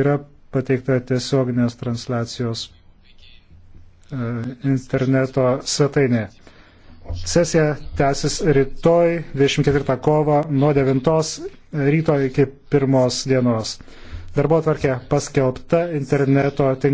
yra pateikta tiesioginės transliacijos e, interneto svetainė. Sesija tęsis rytoj 24 kovo nuo 9 ryto iki 1 dienos. Darbo tvarkė paskelbta interneto tinklapyje.